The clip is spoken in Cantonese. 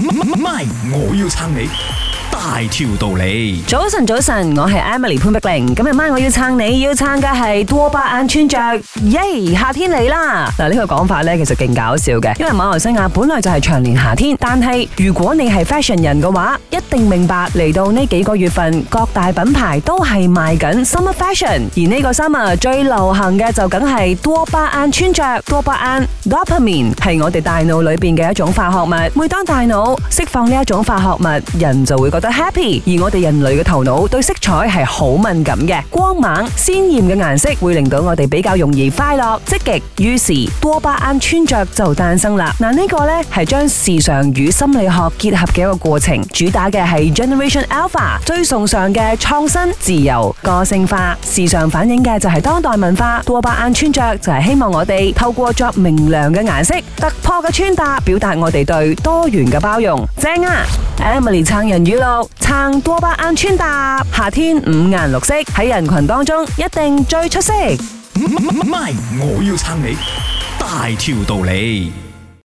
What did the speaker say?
唔，唔，ai，我要撐你。大條道理，早晨早晨，我係 Emily 潘碧玲，今日晚我要撐你要撐嘅係多巴胺穿搭，耶！夏天嚟啦，嗱、這、呢個講法咧其實勁搞笑嘅，因為馬來西亞本來就係長年夏天，但係如果你係 fashion 人嘅話，一定明白嚟到呢幾個月份，各大品牌都係賣緊 summer fashion，而呢個 summer 最流行嘅就梗係多巴胺穿搭，多巴胺，dopamine 係我哋大腦裏邊嘅一種化學物，每當大腦釋放呢一種化學物，人就會覺得。happy，而我哋人類嘅頭腦對色彩係好敏感嘅，光猛鮮艷嘅顏色會令到我哋比較容易快樂、積極，於是多巴胺穿着就誕生啦！嗱，呢個呢係將時尚與心理學結合嘅一個過程，主打嘅係 Generation Alpha 最崇尚嘅創新、自由、個性化。時尚反映嘅就係當代文化，多巴胺穿着就係希望我哋透過着明亮嘅顏色、突破嘅穿搭，表達我哋對多元嘅包容。正啊！Emily 撐人語錄，撐多巴胺穿搭，other, 夏天五顏六色，喺人群當中一定最出色。唔係 時候 pursue schemes，我要撐你，大條道理。